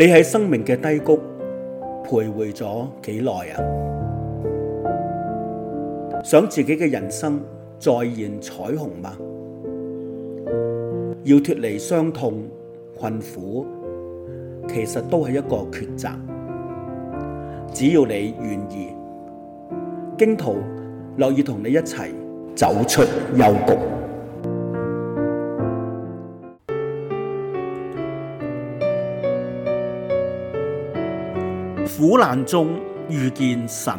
你喺生命嘅低谷徘徊咗幾耐啊？想自己嘅人生再現彩虹嗎？要脫離傷痛困苦，其實都係一個抉擇。只要你願意，荊徒樂意同你一齊走出幽谷。苦難中遇見神，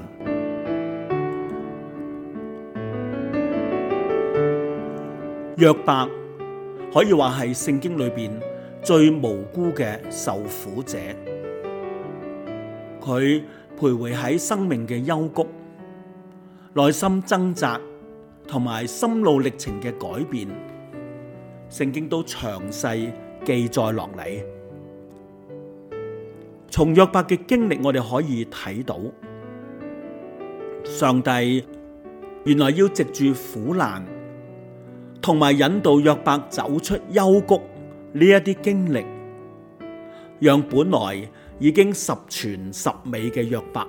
約伯可以話係聖經裏邊最無辜嘅受苦者。佢徘徊喺生命嘅幽谷，內心掙扎，同埋心路歷程嘅改變，聖經都詳細記載落嚟。從約伯嘅經歷，我哋可以睇到上帝原來要藉住苦難同埋引導約伯走出幽谷呢一啲經歷，讓本來已經十全十美嘅約伯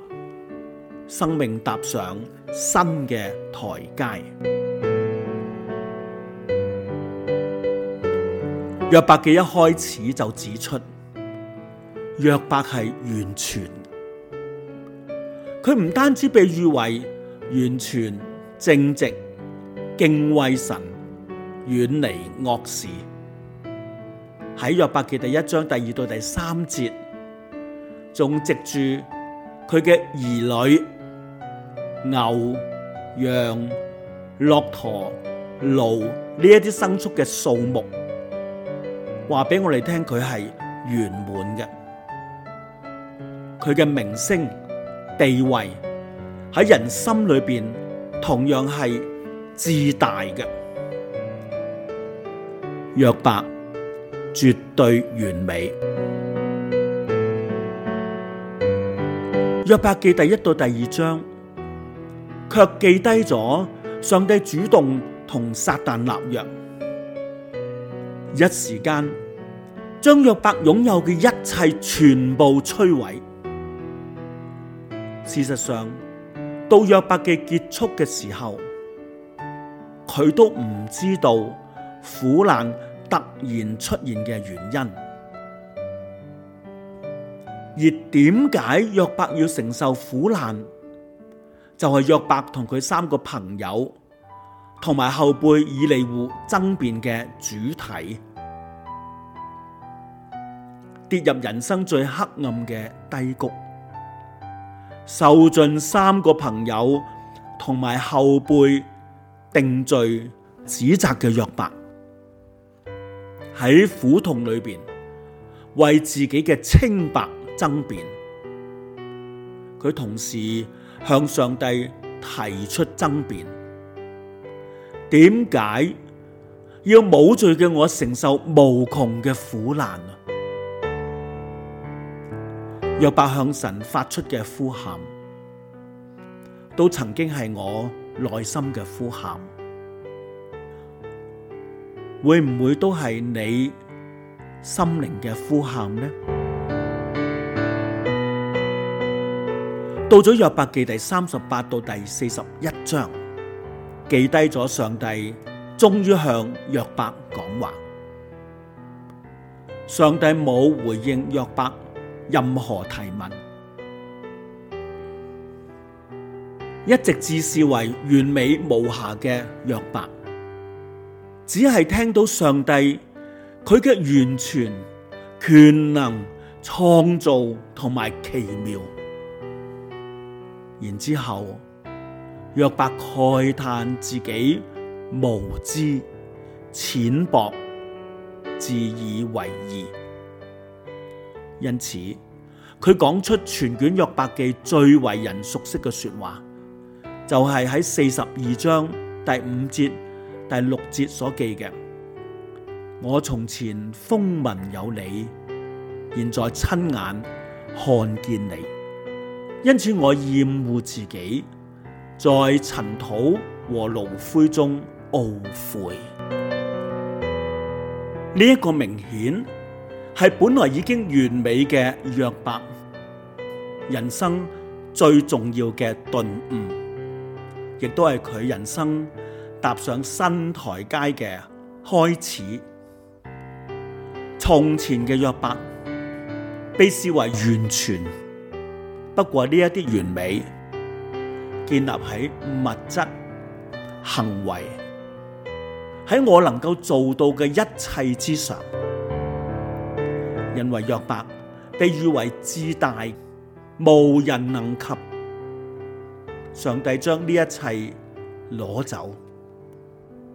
生命踏上新嘅台階。約伯記一開始就指出。約伯係完全，佢唔單止被譽為完全、正直、敬畏神、遠離惡事。喺約伯嘅第一章第二到第三節，仲藉住佢嘅兒女、牛、羊、駱駝、驢呢一啲牲畜嘅數目，話俾我哋聽佢係圓滿嘅。佢嘅名聲地位喺人心裏邊，同樣係至大嘅。約伯絕對完美。約伯記第一到第二章，卻記低咗上帝主動同撒旦立約，一時間將約伯擁有嘅一切全部摧毀。事實上，到約伯嘅結束嘅時候，佢都唔知道苦難突然出現嘅原因，而點解約伯要承受苦難，就係約伯同佢三個朋友同埋後輩以利戶爭辯嘅主題，跌入人生最黑暗嘅低谷。受盡三個朋友同埋後輩定罪指責嘅約伯，喺苦痛裏邊為自己嘅清白爭辯，佢同時向上帝提出爭辯：點解要冇罪嘅我承受無窮嘅苦難？約伯向神發出嘅呼喊，都曾經係我內心嘅呼喊，會唔會都係你心靈嘅呼喊呢？到咗約伯記第三十八到第四十一章，記低咗上帝終於向約伯講話，上帝冇回應約伯。任何提問，一直自視為完美無瑕嘅約伯，只係聽到上帝佢嘅完全、權能、創造同埋奇妙，然之後約伯慨嘆自己無知、淺薄、自以為義。因此，佢講出全卷約伯記最為人熟悉嘅說話，就係喺四十二章第五節、第六節所記嘅：我從前風聞有你，現在親眼看見你，因此我厭惡自己，在塵土和爐灰中懊悔。呢一個明顯。係本來已經完美嘅約伯，人生最重要嘅頓悟，亦都係佢人生踏上新台階嘅開始。從前嘅約伯被視為完全，不過呢一啲完美建立喺物質、行為喺我能夠做到嘅一切之上。因為約伯被譽為至大，無人能及。上帝將呢一切攞走，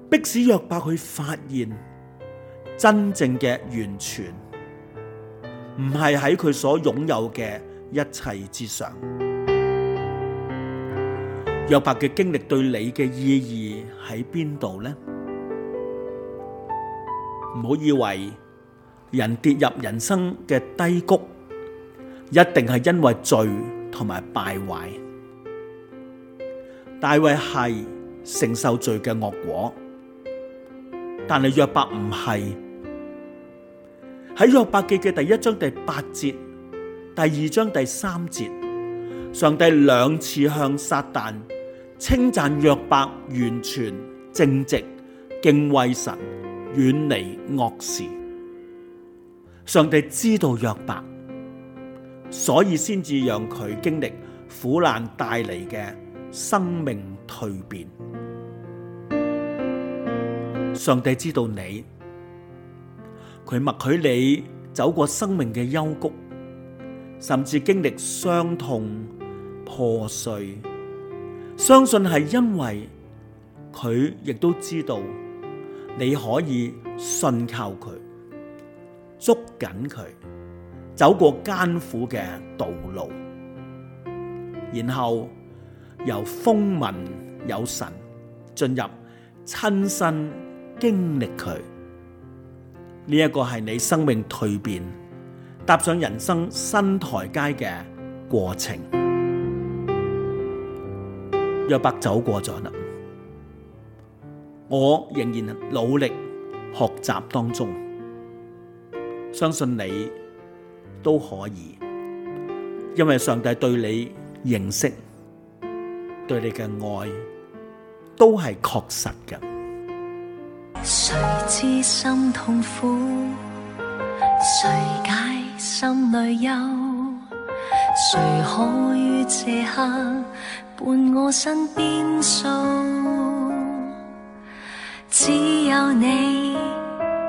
迫使約伯去發現真正嘅完全，唔係喺佢所擁有嘅一切之上。約伯嘅經歷對你嘅意義喺邊度呢？唔好以為。人跌入人生嘅低谷，一定係因為罪同埋敗壞。大衛係承受罪嘅惡果，但係約伯唔係。喺約伯記嘅第一章第八節、第二章第三節，上帝兩次向撒旦稱讚約伯完全正直、敬畏神、遠離惡事。上帝知道約伯，所以先至讓佢經歷苦難帶嚟嘅生命蛻變。上帝知道你，佢默許你走過生命嘅幽谷，甚至經歷傷痛破碎。相信係因為佢亦都知道你可以信靠佢。捉緊佢，走過艱苦嘅道路，然後由風聞有神進入親身經歷佢，呢、這、一個係你生命蛻變、踏上人生新台階嘅過程。約伯走過咗啦，我仍然努力學習當中。相信你都可以，因為上帝對你認識，對你嘅愛都係確實嘅。誰知心痛苦，誰解心裡憂？誰可於這刻伴我身邊守？只有你。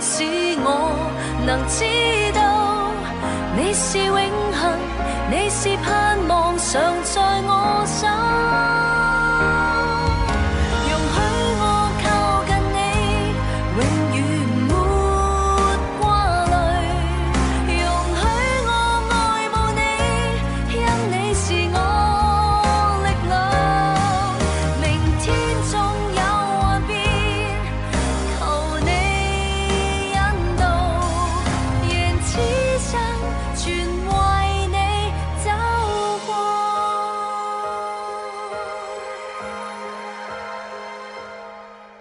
使我能知道，你是永恒，你是盼望，常在我。